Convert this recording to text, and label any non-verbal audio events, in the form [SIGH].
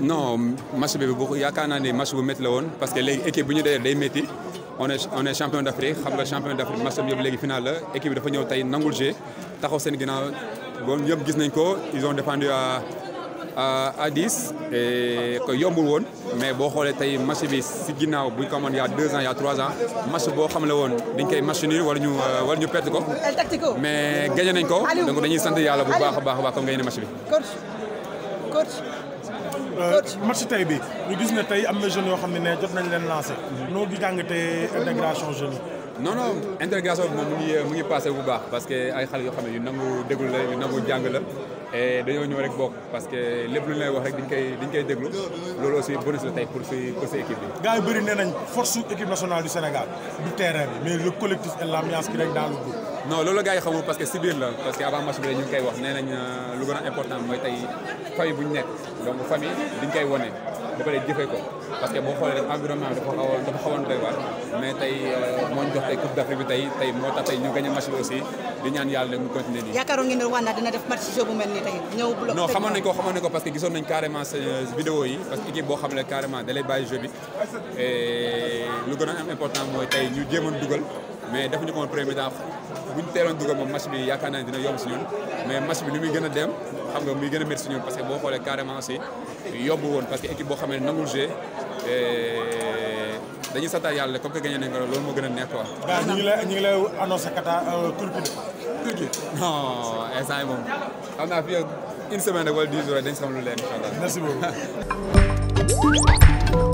non match bi bu yaakaar naa ne match bu métti la woon parce que léegi équipe bu ñu dee day métti on est on est champion d'Afrique xam nga champion d'Afrique match bi yëpp léegi final la équipe bi dafa ñëw tey nangul jeu taxaw seen ginnaaw bon ñëpp gis nañ ko ils ont défendu à. à 10 et que yombul woon mais boo xoolee tey match bi si ginnaaw bu ñu ko amoon y' a 2 ans y' a ans match boo xam la woon dañ koy match nii wala ñu euh, wala ñu perte ko. mais gagné nañ ko. donc dañuy sant yàlla bu baax a baax a baax comme gagné match bi. coach coach. Euh, tey bi ñu gis ne tey am na jeunes yoo xam ne jot nañ leen lancé. noo gi jàngatee intégration jeunes non non intégration bi moom mu ngi mu bu baax parce que ay xale yoo xam ne yu nangu déglu la yu nangu jàng la. et dañoo ñëw rek bokk parce que lépp lu ñu lay wax rek dañ koy dañ koy déglu loolu aussi bonus la tey pour si pour si équipe yi bëri nee nañ force équipe nationale du Sénégal du terrain bi mais le collectif et l'ambiance qui règne dans le groupe. non loolu la gars yi xamul parce que si biir la parce que avant match bi ñu ngi koy wax nee nañ euh, ñu nekk donc famille diñ que boo xoolee rek environnement bi dafa xawoon dafa xawoon doy waar mais tey euh, moo ñu jox tey coupe d'Afrique ñu gagné match bi aussi di ko xamoon nañ ko parce que gisoon nañ carrément sa euh, vidéo yi parce que équipe boo xam ne carrément da lay bàyyi jeu lu gën a am important mooy tey ñu jéemoon dugal mais defuñu ko woon premier temps buñ teeloon moom match bi yaakaar naa ne dina yomb si ñun mais match bi ni muy gën a dem xam nga muy gën a métti si ñun parce que boo xoolee carrément si yomb woon parce que équipe boo xam ne nangul jeu dañuy sant yàlla comme que gagné nañ ko loolu moo gën a neex quoi. ñu ngi lay ñu ngi lay annoncé kata euh, Turquie. Turquie non instant moom xam naa fii une semaine rek wala dix jours dañ xam lu leen incha [LAUGHS]